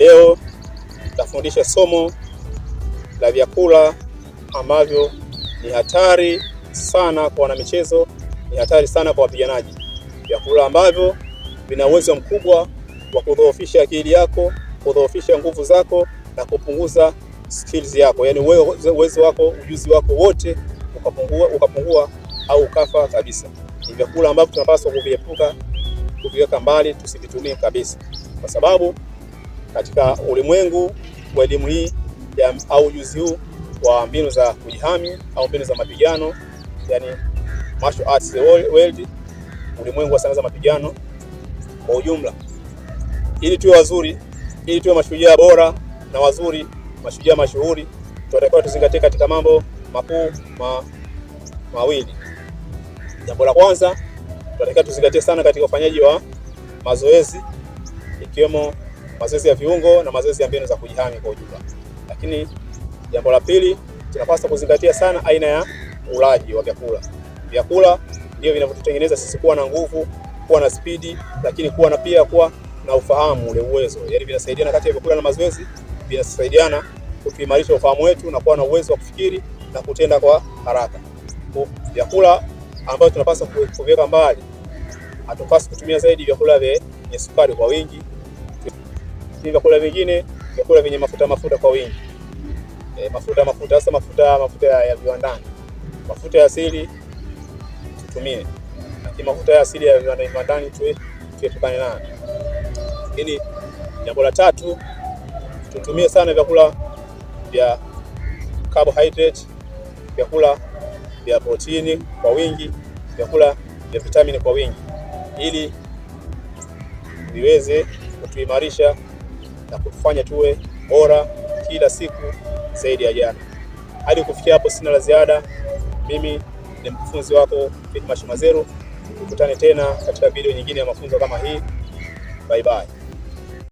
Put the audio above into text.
Leo nitafundisha somo la vyakula ambavyo ni hatari sana kwa wanamichezo, ni hatari sana kwa wapiganaji, vyakula ambavyo vina uwezo mkubwa wa kudhoofisha akili yako, kudhoofisha nguvu zako na kupunguza skills yako, yaani uwezo wako, ujuzi wako wote ukapungua, ukapungua au ukafa kabisa. Ni vyakula ambavyo tunapaswa kuviepuka, kuviweka mbali, tusivitumie kabisa, kwa sababu katika ulimwengu wa elimu hii au ujuzi huu wa mbinu za kujihami au mbinu za mapigano, yani martial arts world, ulimwengu wa sanaa za mapigano kwa ujumla, ili tuwe wazuri, ili tuwe mashujaa bora na wazuri, mashujaa mashuhuri, tunatakiwa tuzingatie katika mambo makuu ma, mawili. Jambo la kwanza tunatakiwa tuzingatie sana katika ufanyaji wa mazoezi ikiwemo mazoezi ya viungo na mazoezi ya mbinu za kujihami kwa ujumla. Lakini jambo la pili, tunapaswa kuzingatia sana aina ya ulaji wa vyakula. Vyakula ndio vinavyotutengeneza sisi kuwa na nguvu, kuwa na spidi, lakini kuwa na pia kuwa na ufahamu ule uwezo. Yaani vinasaidiana kati ya vyakula na mazoezi, vinasaidiana kutuimarisha ufahamu wetu na kuwa na uwezo wa kufikiri na kutenda kwa haraka. Vyakula ambayo tunapaswa kuviweka mbali, hatupaswi kutumia zaidi vyakula vyenye sukari kwa wingi si vyakula vingine, vyakula vyenye mafuta mafuta kwa wingi e, mafuta mafuta hasa mafuta mafuta ya viwandani. Mafuta ya asili tutumie, lakini mafuta ya asili ya viwandani tuepukane nayo. Lakini jambo la tatu, tutumie sana vyakula vya carbohydrate, vyakula vya protini kwa wingi, vyakula vya vitamini kwa wingi ili viweze kutuimarisha na kutufanya tuwe bora kila siku zaidi ya jana. Hadi kufikia hapo, sina la ziada. Mimi ni mkufunzi wako Fidmas Mazeru, tukutane tena katika video nyingine ya mafunzo kama hii. Bye bye.